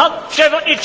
Pan przewodniczący!